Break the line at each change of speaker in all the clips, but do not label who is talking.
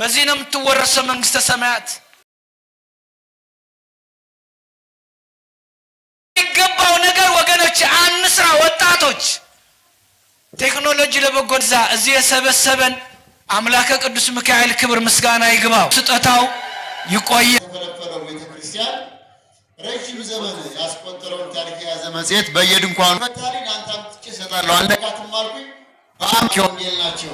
በዚህ ነው የምትወረሰው መንግስተ ሰማያት። የሚገባው ነገር ወገኖች አንስራ። ወጣቶች ቴክኖሎጂ ለበጎ እዚህ የሰበሰበን አምላከ ቅዱስ ሚካኤል ክብር ምስጋና ይግባው። ስጠታው ይቆየ።
ረዥም ዘመን ያስቆጠረውን ታሪክ የያዘ
መጽሔት በየድንኳኑ
ፈታሪን አንተ አምጥቼ እሰጣለሁ አልነካትም አልኩኝ። በአምኪ ወንጌል ናቸው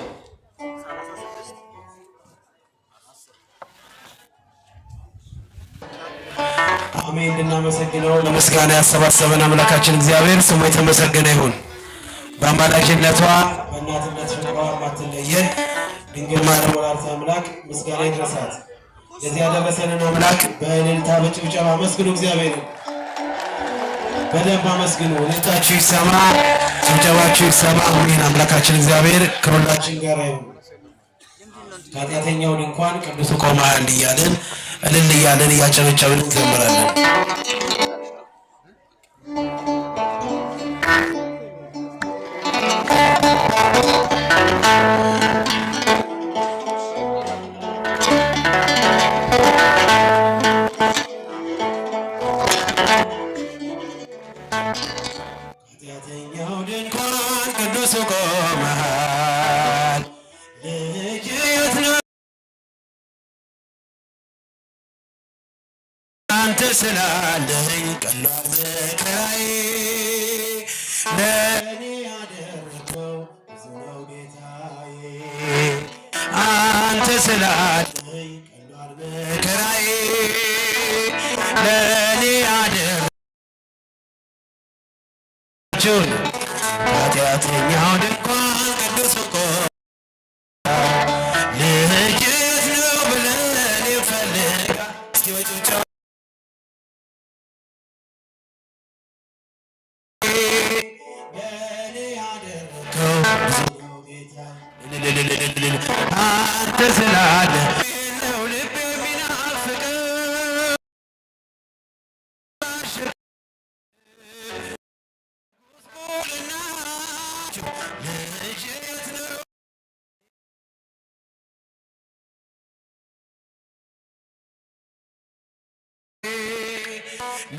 አሜን። እናመሰግነው። ለምስጋና ያሰባሰበን አምላካችን እግዚአብሔር ስሙ የተመሰገነ ይሁን። በአማላጅነቷ
በእናትነት ፍቅሯ የማትለየን ድንግል ማርያም ወላዲተ አምላክ ምስጋና ይድረሳት። ለዚህ ያደረሰንን አምላክ በእልልታ በጭብጨባ አመስግኑ። እግዚአብሔር በደንብ አመስግኑ። እልልታችሁ ይሰማ፣ ጭብጨባችሁ ይሰማ። አሜን። አምላካችን እግዚአብሔር ከሁላችን ጋር ይሁን። ኃጢአተኛውን እንኳን ቅዱስ ቆመሃል እያለን እልል እያለን እያጨበጨብን እንዘምራለን። ስላለኝ ቀሏል መከራዬ ለእኔ ያደረከው ብዙ ነው ጌታዬ አንተ ስላለኝ ቀሏል መከራዬ ለእኔ ኃጢአተኛው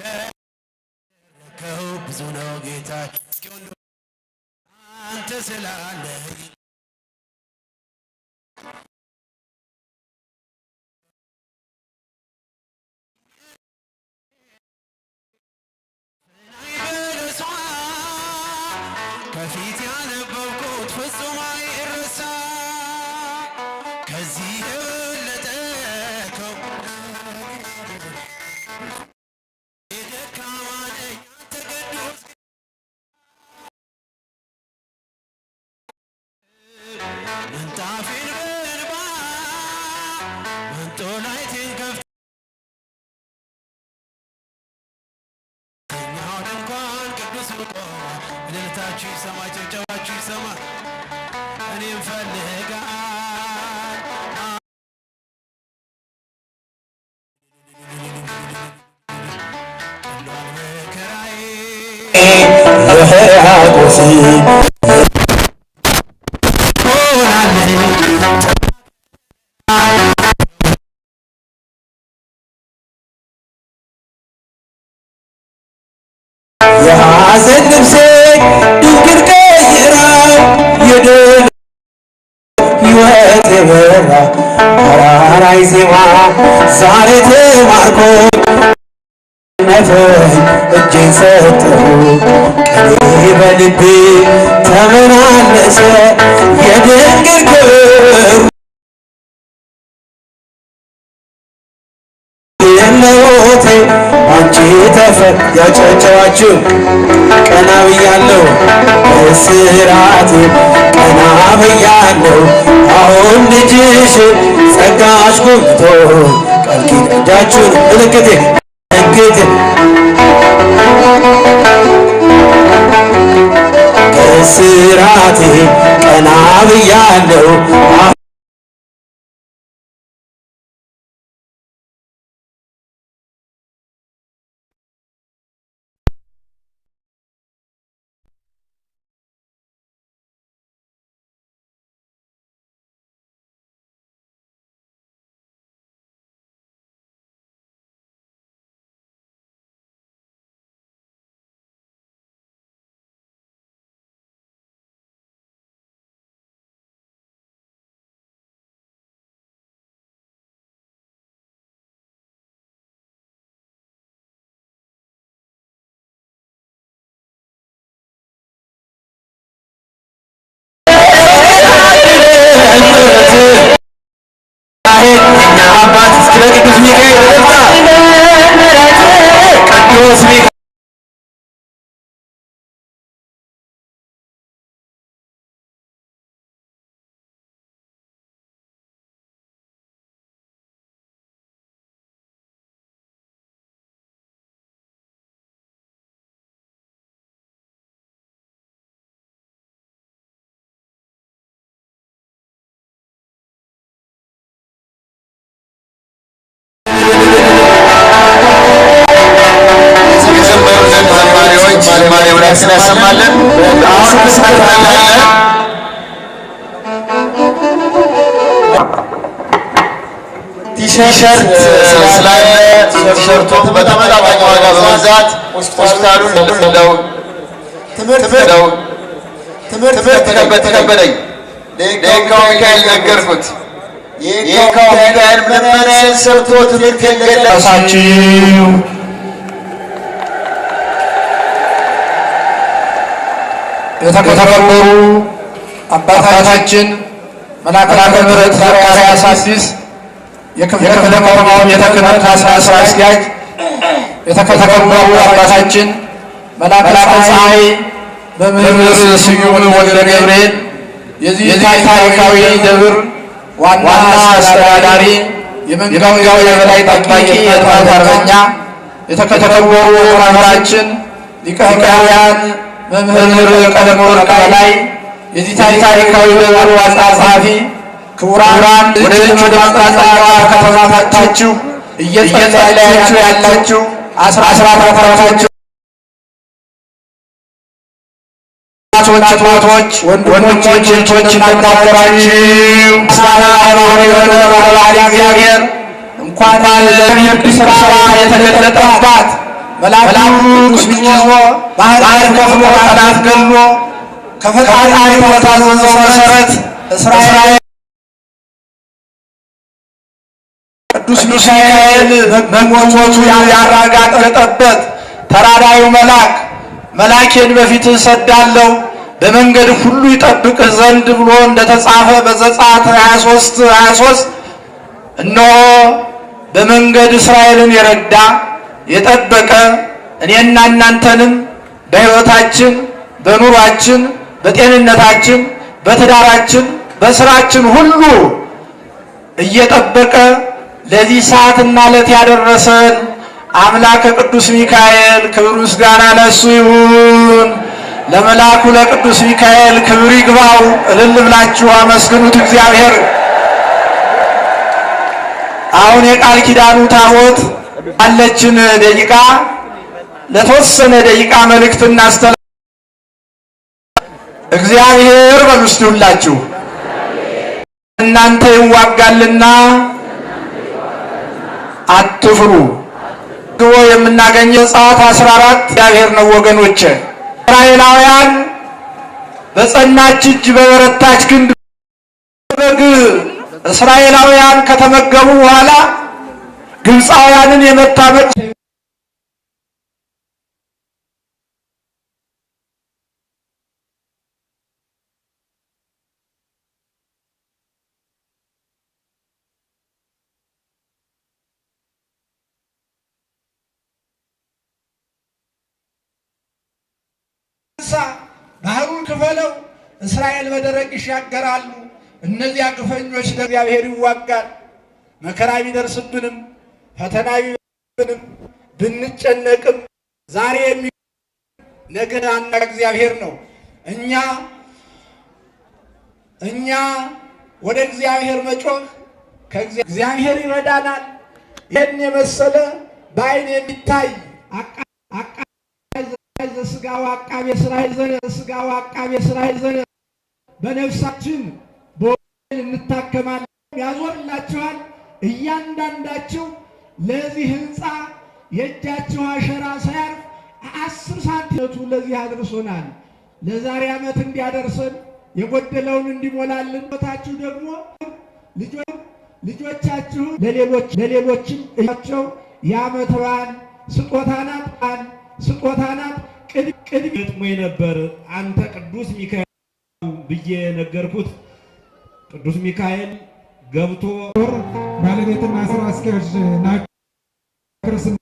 ስለረከው ብዙ ነው ጌታ እስኪሆን አንተ ስላለ ከፊት ያነበብኩት ፍጹም ወንጦላይቴን ከፍት እኛውን እንኳን ቅዱስ ልቆ እልልታችሁ ይሰማ፣ ጭብጨባችሁ ይሰማ። እኔም ፈልጋል ሏን መከራዬ የሕያው ቁስል በራ ተራራይ ዜማ ዛሬ ተማርኮ ነፈኝ እጄን ሰጠሁ ቀኔ በልቤ ተመላለሰ የድንግል ክብር ከፈት ያጨብጨባችሁ ቀና ብያለሁ በስርዓቴ ቀና ብያለሁ አሁን ልጅሽ ጸጋሽ ጎብቶ ቃል ኪዳናችሁን ምልክቴ ምልክቴ በስርዓቴ ቀና ብያለሁ ቲሸርት ስላለ ቲሸርቱን በተመጣጣኝ ዋጋ በመግዛት ሆስፒታሉን ልምለው ትምህርትው ትምህርት ተከበደኝ። ደካው ሚካኤል ነገርኩት። የካው ሚካኤል ምንመናን ሰብቶ ትምህርት የገለሳችሁ የተከበሩ አባታችን መላከ ምሕረት ዘካርያስ አዲስ የከተማውን የተክህነት ስራ አስኪያጅ የተከበሩ አባታችን መላከ ፀሐይ መምህር ስዩም ወልደ ገብርኤል የዚህ ታሪካዊ ደብር ዋና አስተዳዳሪ የመንጋው የበላይ ጠባቂ የጠላት አርበኛ የተከተከበሩ ወራታችን ሊቀቃያን መምህር ቀለመወርቅ በላይ የዚህ ታሪካዊ ደብር ዋና ጸሐፊ ክቡራን ወደ ልጆች ማስታጠቂያ ከተማታችሁ እየጸለያችሁ ያላችሁ አስራት አካባታችሁ እናቶች፣ ወንድሞች፣ እህቶች እንደምናገራችሁ ስራና የሆነ ባህላዊ እግዚአብሔር እንኳን ለሚርድ ስብሰባ የተገለጠባት መላኩ ቅዱስ ባህር ከፍሎ አናት ገሎ ከፈጣሪ በታዘዘው መሰረት እስራኤል ቅዱስ ሚካኤል መሞቱ ያረጋገጠበት ተራዳዩ መልአክ መልአኬን በፊት እሰዳለሁ በመንገድ ሁሉ ይጠብቅ ዘንድ ብሎ እንደተጻፈ በዘጸአት 23 23 እነሆ በመንገድ እስራኤልን የረዳ የጠበቀ እኔና እናንተንም በሕይወታችን በኑሯችን በጤንነታችን በትዳራችን በስራችን ሁሉ እየጠበቀ ለዚህ ሰዓትና ዕለት ያደረሰን አምላከ ቅዱስ ሚካኤል ክብር ምስጋና ለሱ ይሁን። ለመልአኩ ለቅዱስ ሚካኤል ክብር ይግባው። እልል ብላችሁ አመስግኑት እግዚአብሔር። አሁን የቃል ኪዳኑ ታቦት አለችን ደቂቃ ለተወሰነ ደቂቃ መልእክት እናስተላ እግዚአብሔር በምስቲ ሁላችሁ እናንተ ይዋጋልና አትፍሩ ድዎ የምናገኘ ዘጸአት 14 እግዚአብሔር ነው ወገኖች። እስራኤላውያን በጸናች እጅ በበረታች ግንድ በግ እስራኤላውያን ከተመገቡ በኋላ ግብፃውያንን የመታመቅ ተነሳ፣ ባህሩን ክፈለው፣ እስራኤል በደረቅ ይሻገራሉ። እነዚያ ግፈኞች እግዚአብሔር ይዋጋል። መከራ ቢደርስብንም ፈተና ቢደርስብንም ብንጨነቅም ዛሬ የሚ ነገ አና እግዚአብሔር ነው። እኛ እኛ ወደ እግዚአብሔር መጮህ ከእግዚአብሔር ይረዳናል። ይህን የመሰለ በአይን የሚታይ አቃ ዘስጋው አቃቤ ስራ ይዘን ስጋው አቃቤ ስራ ይዘን በነፍሳችን በወንጌል እንታከማለን። ያዞርላችኋል። እያንዳንዳችሁ ለዚህ ህንፃ የእጃችሁ አሸራ ሳያርፍ አስር ሳንቲመቱ ለዚህ አድርሶናል። ለዛሬ ዓመት እንዲያደርሰን የጎደለውን እንዲሞላልን ቦታችሁ ደግሞ ልጆቻችሁን ለሌሎችም እቸው የዓመት በዓል ስጦታ ናት ስጦታ ናት። ቅድቅ ገጥሞኝ ነበር። አንተ ቅዱስ ሚካኤል ብዬ ነገርኩት። ቅዱስ ሚካኤል ገብቶ ባለቤትና ስራ አስኪያጅ ናቸው።